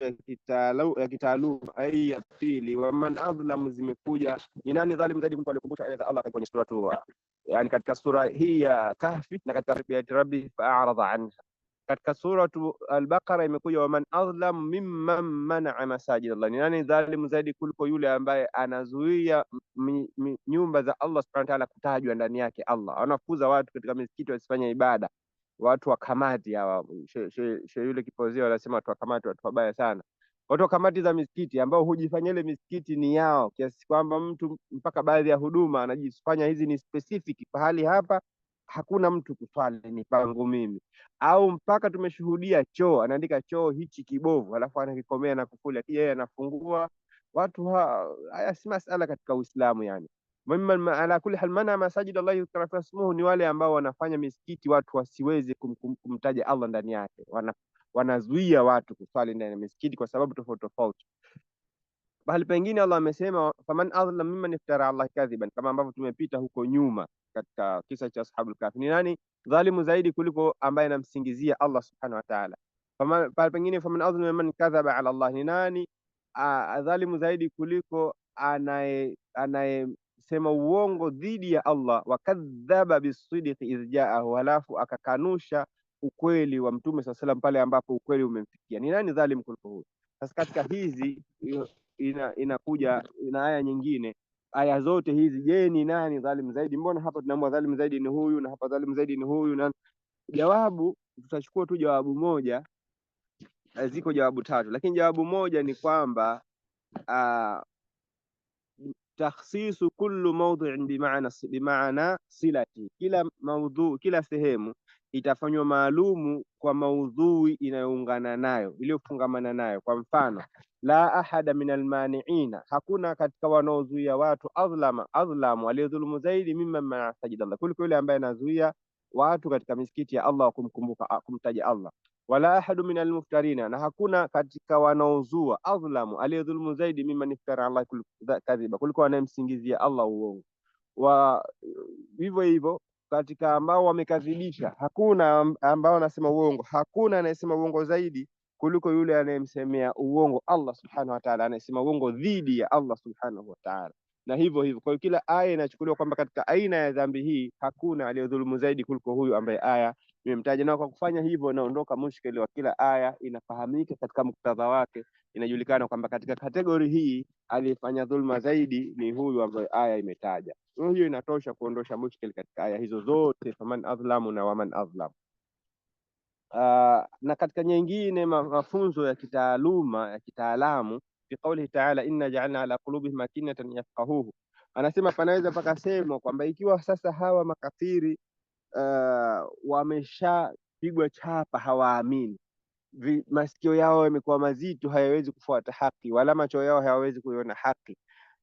ya kitaaluma ai ya pili, waman adlam zimekuja ni nani dhalim zaidi? Mtu alikumbusha aya za Allah kwenye sura yani, katika sura hii ya Kahfi na katika ya rabbi fa'arada anha. Katika suratu Al-Baqara imekuja waman adlam mimman manaa masajid Allah, ni nani dhalim zaidi kuliko yule ambaye anazuia nyumba za Allah subhanahu wa ta'ala kutajwa ndani yake. Allah anafukuza watu katika misikiti wasifanye ibada watu wa kamati hawa yule kipozio wanasema watu wa kamati, watu wabaya sana, watu wa kamati za misikiti ambao hujifanya ile misikiti ni yao, kiasi kwamba mtu mpaka baadhi ya huduma anajifanya hizi ni specific, pahali hapa hakuna mtu kuswali, ni pangu mimi. Au mpaka tumeshuhudia choo, anaandika choo hichi kibovu, alafu anakikomea na kufuli, yeye anafungua watu. Haya si masala katika Uislamu yani ala kulli hal mana masajid Allah yuzkara fiha ismuhu, ni wale ambao wanafanya misikiti watu wasiweze kum, kum, kumtaja Allah ndani yake, wana, wanazuia watu kuswali ndani ya misikiti kwa sababu tofauti tofauti. Bali pengine Allah amesema faman adhlam mimman iftara Allah kadhiban, kama ambavyo tumepita huko nyuma katika kisa cha ashabul kahfi. Ni nani dhalimu zaidi kuliko ambaye anamsingizia Allah subhanahu wa ta'ala? Bali pengine faman adhlam mimman kadhaba ala Allah, ni nani ah, dhalimu zaidi kuliko anaye anaye kusema uongo dhidi ya Allah, wakadhaba bisidqi idh jaahu, halafu akakanusha ukweli wa mtume saa salam pale ambapo ukweli umemfikia. Ni nani dhalim kuliko huyu? Sasa katika hizi inakuja ina, ina aya nyingine. Aya zote hizi, je, ni nani dhalim zaidi? Mbona hapa tunaamua dhalim zaidi ni huyu na hapa dhalim zaidi ni huyu na jawabu, tutachukua tu jawabu moja. Eh, ziko jawabu tatu, lakini jawabu moja ni kwamba ah, takhsisu kullu maudhiin bimaana bimaana silati, kila maudhu, kila sehemu itafanywa maalumu kwa maudhui inayoungana nayo iliyofungamana nayo. Kwa mfano, la ahada min almaniina, hakuna katika wanaozuia watu, adhlama adhlamu, aliyodhulumu zaidi, mimma mana sajida Allah, kuliko yule ambaye anazuia watu katika misikiti ya Allah kumkumbuka kumtaja Allah wala ahadu min almuftarina, na hakuna katika wanaozua adhlamu, aliyedhulumu zaidi mimman iftara Allah kadhiba, kuliko anayemsingizia Allah uongo. Wa hivyo hivyo katika ambao wamekadhibisha, hakuna ambao wanasema uongo, hakuna anayesema uongo zaidi kuliko yule anayemsemea uongo Allah subhanahu wa ta'ala, anayesema uongo dhidi ya Allah subhanahu wa ta'ala, na hivyo hivyo. Kwa hiyo kila aya inachukuliwa kwamba katika aina ya dhambi hii hakuna aliyodhulumu zaidi kuliko huyu ambaye aya nimemtaja. Na kwa kufanya hivyo, naondoka mushkeli wa kila aya, inafahamika katika muktadha wake, inajulikana kwamba katika kategori hii aliyefanya dhulma zaidi ni huyu ambaye aya imetaja. Hiyo inatosha kuondosha mushkeli katika aya hizo zote, faman adhlamu na waman adhlamu. Uh, na katika nyingine mafunzo ya kitaaluma ya kitaalamu fi qaulihi taala inna ja'alna ala qulubihim makinatan yafqahuhu, anasema panaweza pakasemwa kwamba ikiwa sasa hawa makafiri uh, wameshapigwa chapa, hawaamini, masikio yao yamekuwa mazito, hayawezi kufuata haki, wala macho yao hayawezi kuiona haki.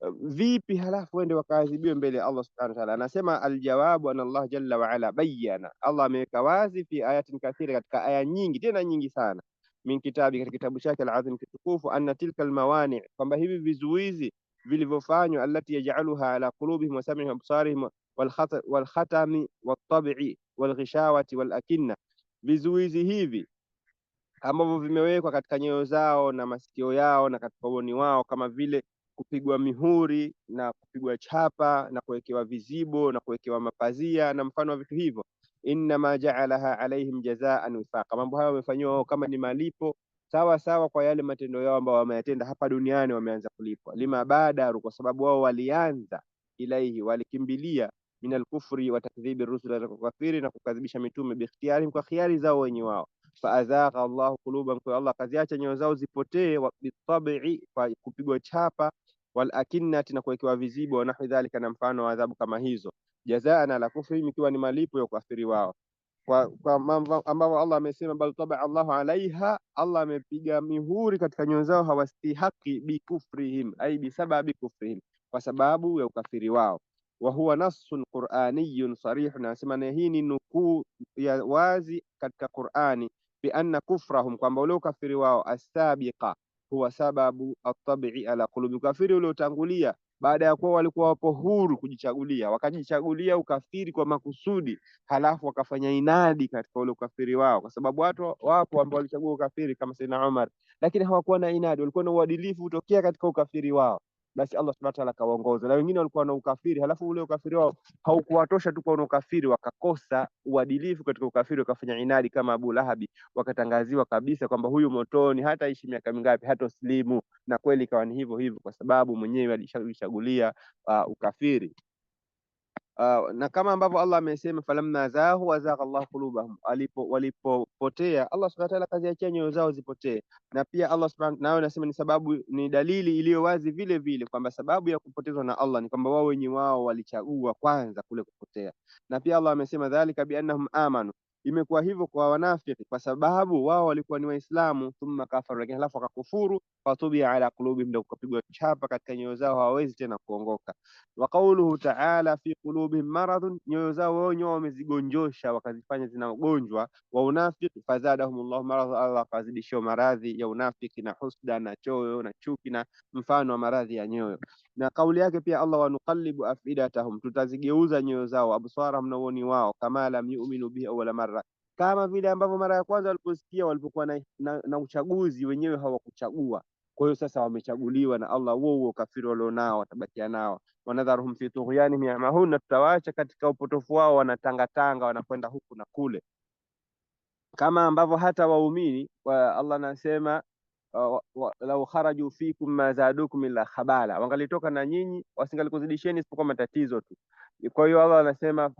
Uh, vipi halafu wende wakaadhibiwe mbele ya Allah subhanahu wa ta'ala? Anasema aljawabu an Allah jalla wa ala bayyana, Allah ameweka wazi, fi ayatin kathira, katika aya nyingi tena nyingi sana, min kitabi, katika kitabu chake alazim kitukufu, anna tilka almawani, kwamba hivi vizuizi vilivyofanywa, allati yaj'aluha ala qulubihim wa sam'ihim wa absarihim walkhatami wattabii walghishawati walakinna, vizuizi hivi ambavyo vimewekwa katika nyoyo zao na masikio yao na katika uoni wao, kama vile kupigwa mihuri na kupigwa chapa na kuwekewa vizibo na kuwekewa mapazia na mfano wa vitu hivyo. Innama jaalaha alaihim jazaan wifaqa, mambo hayo wamefanyiwa wao kama ni malipo sawa sawa kwa yale matendo yao ambayo wameyatenda hapa duniani, wameanza kulipwa. Lima badaru, kwa sababu wao walianza ilaihi, walikimbilia min alkufri wa takdhibi rusula kukafiri, na kukadhibisha mitume biikhtiarihim, kwa khiari zao wenye wao. fa Faadhaqa Allahu quluban, kwa Allah kaziacha nyoyo zao zipotee, bitabii, kwa kupigwa chapa, wal akinnati, na kuwekewa vizibo, na nahwi na mfano wa adhabu kama hizo, jazaana la kufri ikiwa ni malipo ya ukafiri wao kwa, kwa ambao Allah amesema bal tabaa Allahu alaiha, Allah amepiga mihuri katika nyoyo zao hawastihaki bikufrihim, ai bisababi kufrihim, kwa sababu ya ukafiri wao wa huwa nassun quraniyun sarihun, anasema na hii ni nukuu ya wazi katika Qurani, bi anna kufrahum, kwamba ule ukafiri wao asabiqa huwa sababu atabii ala qulubi, ukafiri uliotangulia baada ya kuwa walikuwa wapo huru kujichagulia, wakajichagulia ukafiri kwa makusudi, halafu wakafanya inadi katika ule ukafiri wao, kwa sababu watu wapo ambao walichagua ukafiri kama Saidina Umar, lakini hawakuwa na inadi, walikuwa na uadilifu utokea katika ukafiri wao basi Allah subhanahu wa ta'ala akawaongoza. Na wengine walikuwa na ukafiri, halafu ule ukafiri wao haukuwatosha tu kwa na ukafiri, wakakosa uadilifu katika ukafiri, wakafanya inadi kama Abu Lahabi, wakatangaziwa kabisa kwamba huyu motoni hata ishi miaka mingapi, hata slimu Na kweli ikawa ni hivyo hivyo, kwa sababu mwenyewe alishachagulia uh, ukafiri. Ah, na kama ambavyo Allah amesema falamma zahu wazaqa Allah qulubahum, alipo walipopotea Allah subhanahu wa ta'ala akaziachia nyoyo zao zipotee. Na pia Allah subhanahu nayo anasema ni sababu, ni dalili iliyo wazi vile vile kwamba sababu ya kupotezwa na Allah ni kwamba wao wenye wao walichagua kwanza kule kupotea. Na pia Allah amesema dhalika annahum amanu Imekuwa hivyo kwa wanafiki kwa sababu wao walikuwa ni Waislamu, thumma kafaru, lakini halafu wakakufuru, fatubia ala qulubihim, ndio kupigwa chapa katika nyoyo zao, hawawezi tena kuongoka. Wa qauluhu ta'ala, fi qulubihim maradhun, nyoyo zao wao wamezigonjosha, wakazifanya zina ugonjwa wa unafiki. allah maradhi Allah akawazidishia maradhi ya unafiki na husda na choyo na chuki na mfano wa maradhi ya nyoyo na kauli yake pia Allah, wanukalibu afidatahum, tutazigeuza nyoyo zao, absarahum, na uoni wao, kama lam yuminu bihi awala marra, kama vile ambavyo mara ya kwanza waliposikia walipokuwa na, na, na uchaguzi wenyewe hawakuchagua. Kwa hiyo sasa wamechaguliwa na Allah, huo huo kafiri walionao watabakia nao. Wanadharuhum fi tughyanihim yamahun, na tutawaacha katika upotofu wao, wanatangatanga wanakwenda huku na kule, kama ambavyo hata waumini wa Allah anasema la lau kharaju fikum ma zadukum illa khabala, wangalitoka na nyinyi wasingalikuzidisheni isipokuwa matatizo tu. Kwa hiyo Allah anasema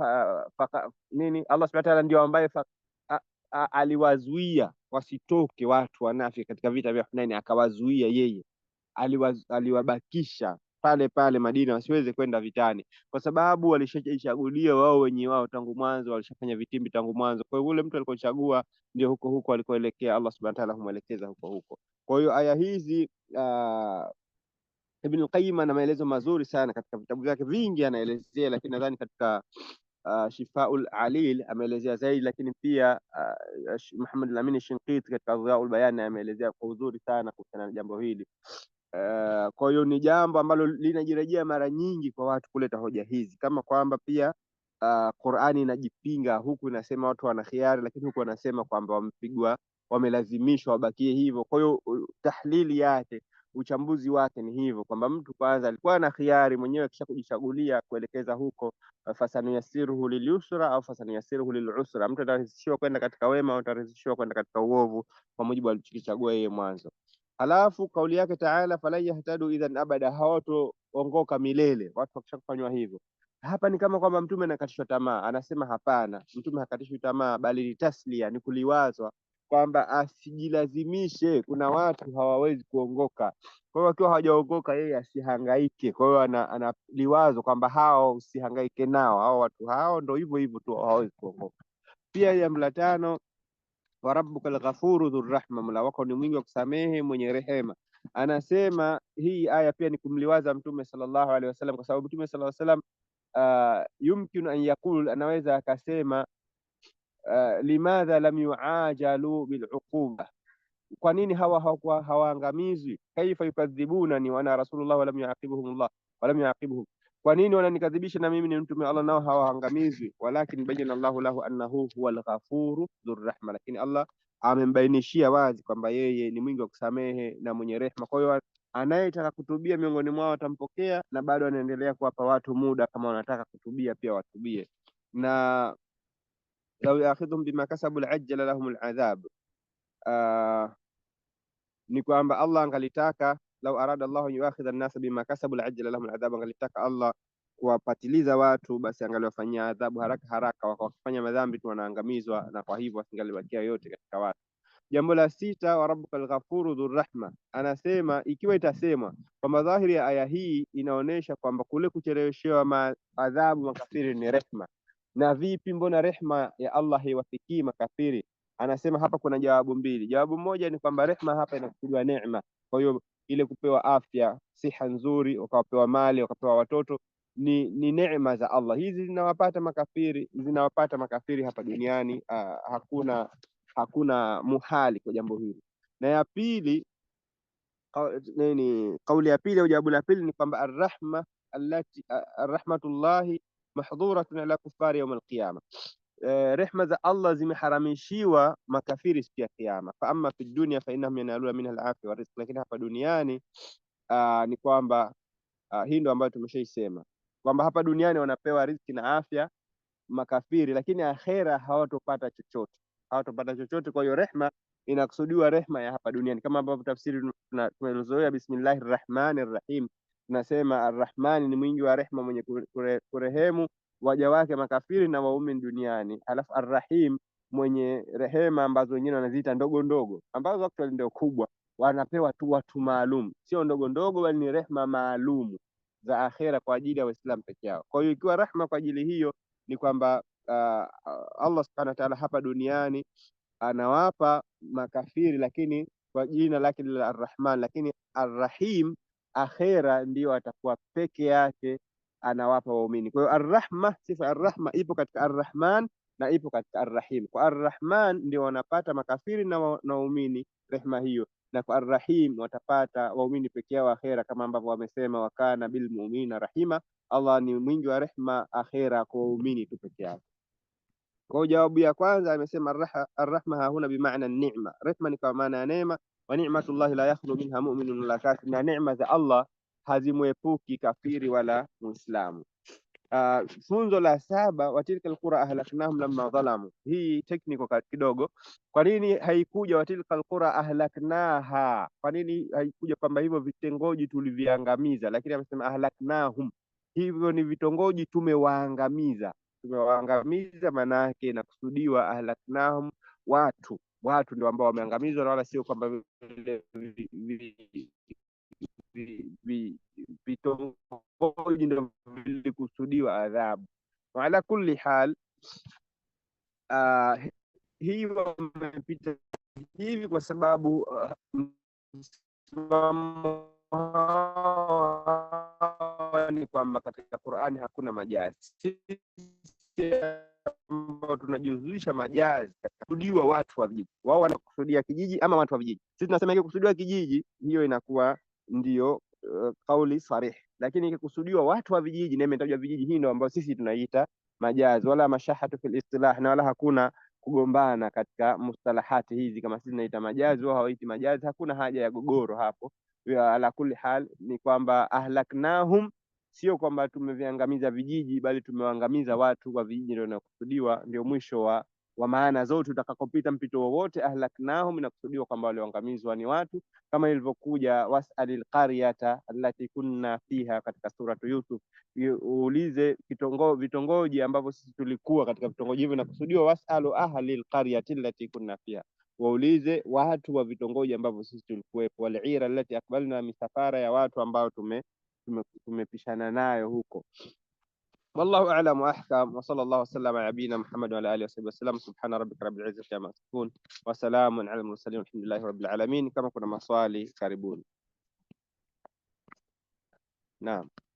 nini? Allah subhanahu wa ta'ala ndio ambaye aliwazuia wasitoke watu wanafiki katika vita vya Hunaini, akawazuia yeye aliwabakisha pale pale Madina wasiweze kwenda vitani, kwa sababu walishachagulia wao wenye wao tangu mwanzo, walishafanya vitimbi tangu mwanzo. Kwa hiyo yule mtu alikochagua ndio huko huko alikoelekea, Allah subhanahu wa ta'ala humwelekeza huko huko. Kwa hiyo aya hizi uh, Ibn Qayyim ana maelezo mazuri sana katika vitabu vyake vingi anaelezea, lakini nadhani katika uh, Shifaul Alil ameelezea zaidi, lakini pia uh, Muhammad al-Amin Shinqiti katika Adwaul Bayan ameelezea kwa uzuri sana kuhusiana na jambo hili. Eh, kwa hiyo ni jambo ambalo linajirejea mara nyingi kwa watu kuleta hoja hizi kama kwamba pia uh, Qur'ani inajipinga huku inasema watu wana khiari, lakini huku wanasema kwamba wamepigwa, wamelazimishwa wabakie hivyo. Kwa hiyo tahlili yake, uchambuzi wake ni hivyo kwamba mtu kwanza alikuwa na khiari mwenyewe kisha kujichagulia kuelekeza huko, uh, eh, fasanuyasiruhu lilyusra au fasanuyasiruhu lilusra, mtu atarahisishiwa kwenda katika wema au atarahisishiwa kwenda katika uovu kwa mujibu alichokichagua yeye mwanzo. Halafu kauli yake taala, falan yahtadu idhan abada, hawatoongoka milele watu wakishakufanywa hivyo. Hapa ni kama kwamba mtume anakatishwa tamaa, anasema hapana, mtume hakatishwi tamaa, bali ni taslia, ni kuliwazwa kwamba asijilazimishe. Kuna watu hawawezi kuongoka, kwa hiyo wakiwa hawajaongoka yeye asihangaike. Kwa hiyo analiwazo ana kwamba hao usihangaike nao, hao watu hao ndo hivyo hivyo tu hawawezi kuongoka. Pia jambo la tano wa ghafuru lghafuru rahma, mola wako ni mwingi wa kusamehe mwenye rehema. Anasema hii aya pia ni kumliwaza Mtume sallallahu alaihi wasallam, kwa sababu Mtume sallallahu alaihi wasallam uh, yumkinu an yaqul, anaweza akasema uh, limadha lam yuajalu biluquba kwa nini hawa hawaangamizwi? kaifa yukadhibunani ni wana rasulullah walam yuaqibuhum Allah walam yuaqibuhum kwa nini wananikadhibisha na mimi ni mtume Allah nao hawaangamizwi? Walakin bayana Allahu lahu annahu huwal ghafuru dhurrahma, lakini Allah amembainishia wazi kwamba yeye ni mwingi wa kusamehe na mwenye rehma Kwa hiyo anayetaka kutubia miongoni mwao atampokea, na bado anaendelea kuwapa watu muda, kama wanataka kutubia pia watubie. Na law yaakhidhum bima kasabu lajjala lahum aladhab, ah, ni kwamba Allah angalitaka lau arada Allahu an yuakhidha an-nasa bima kasabu laajjala lahum al-adhab, angalitaka Allah kuwapatiliza watu, basi angaliwafanyia adhabu haraka haraka, wakafanya madhambi tu wanaangamizwa, na kwa hivyo asingalibakia yote katika watu. Jambo la sita, wa rabbukal ghafuru dhur rahma, anasema ikiwa itasemwa kwamba dhahiri ya aya hii inaonyesha kwamba kule kucheleweshewa adhabu makafiri ni rehma. Na vipi, mbona rehma ya Allah haiwafikii makafiri? Anasema hapa kuna jawabu mbili. Jawabu moja ni kwamba rehma hapa inakusudiwa neema, kwa hiyo ile kupewa afya, siha nzuri, wakapewa mali, wakapewa watoto ni, ni neema za Allah. Hizi zinawapata makafiri, zinawapata makafiri hapa duniani. Uh, hakuna hakuna muhali kwa jambo hili. Na ya pili nini, kauli ya pili au jawabu la pili ni kwamba arrahma allati arrahmatullahi mahdhuratun ala kufari yaum alqiyama, rehma za Allah zimeharamishiwa makafiri siku ya kiyama. Fa amma fi dunya fa innahum yanaluna minha al-afya wa rizq, lakini hapa duniani aa, ni kwamba hii ndo ambayo tumeshaisema kwamba hapa duniani wanapewa riziki na afya makafiri, lakini akhera hawatopata chochote, hawatopata chochote. Kwa hiyo rehma inakusudiwa rehma ya hapa duniani, kama ambavyo tafsiri tumezoea, bismillahir rahmanir rahim, tunasema arrahmani ni mwingi wa rehma, mwenye kurehemu kure waja wake makafiri na waumini duniani, alafu arrahim mwenye rehema ambazo wengine wanaziita ndogo ndogo, ambazo actually ndio kubwa, wanapewa tu watu maalum, sio ndogo ndogo, bali ni rehma maalumu za akhera kwa ajili ya Waislamu peke yao. Kwa hiyo ikiwa rahma kwa ajili hiyo ni kwamba uh, Allah subhanahu wa ta'ala hapa duniani anawapa makafiri, lakini kwa jina lake la Arrahman, lakini Arrahim akhera ndiyo atakuwa peke yake anawapa waumini. Kwa hiyo arrahma, sifa ya arrahma ipo katika arrahman na ipo katika arrahim. Kwa arrahman ndio wanapata makafiri na waumini rehma hiyo, na kwa arrahim watapata waumini peke yao akhera, kama ambavyo wamesema wakana bil mu'minina rahima, Allah ni mwingi wa rehma akhera kwa waumini tu peke yao. Kwa jawabu ya kwanza amesema arrahma hahuna maana ni'ma, rehma ni kwa maana ya neema, wa ni'matullahi la yakhlu minha mu'minun la kafir, na neema za Allah hazimwepuki kafiri wala Muislamu. Uh, funzo la saba, watilka alqura ahlaknahum lamma dhalamu. Hii technical kidogo. Kwa nini haikuja watilka alqura ahlaknaha? Kwa nini haikuja kwamba hivyo vitongoji tuliviangamiza? Lakini amesema ahlaknahum, hivyo ni vitongoji tumewaangamiza. Tumewaangamiza maana yake inakusudiwa ahlaknahum, watu watu ndio ambao wameangamizwa, na wala sio kwamba vitongoji ndio vilikusudiwa adhabu. Waala kulli hal, uh, ah, hii wamepita hivi kwa sababu msimamo uh, ni kwamba katika Qur'ani hakuna majazi. Sisi ambao tunajihuzuisha majazi, kusudiwa watu wa vijiji, wao wanakusudia kijiji ama watu wa vijiji, sisi tunasema kusudiwa kijiji, hiyo inakuwa ndiyo uh, kauli sarih, lakini ikikusudiwa watu wa vijiji na imetajwa vijiji, hii ndo ambayo sisi tunaiita majazi, wala mashahatu fil istilah, na wala hakuna kugombana katika mustalahati hizi. Kama sisi tunaita majazi, wao hawaiti majazi, hakuna haja ya gogoro hapo. Ala kulli hal ni kwamba ahlaknahum, sio kwamba tumeviangamiza vijiji, bali tumewaangamiza watu wa vijiji, ndio inakusudiwa, ndio mwisho wa wa maana zote utakakopita mpito wowote, ahlaknahum, inakusudiwa kwamba walioangamizwa ni watu, kama ilivyokuja wasal qaryata allati kunna fiha katika suratu Yusuf, uulize vitongo, vitongoji ambavyo sisi tulikuwa katika vitongoji hivyo. Inakusudiwa wasalu ahli qaryati allati kunna fiha, waulize watu wa vitongoji ambavyo sisi tulikuwepo. Walira allati akbalna, misafara ya watu ambao tume tumepishana tume nayo huko والله اعلم واحكم وصلى الله وسلم على نبينا محمد وعلى اله وصحبه وسلم سبحان ربك رب العزه عما يصفون وسلام على المرسلين والحمد لله رب العالمين كما كنا مصالي قريبون كاربون نعم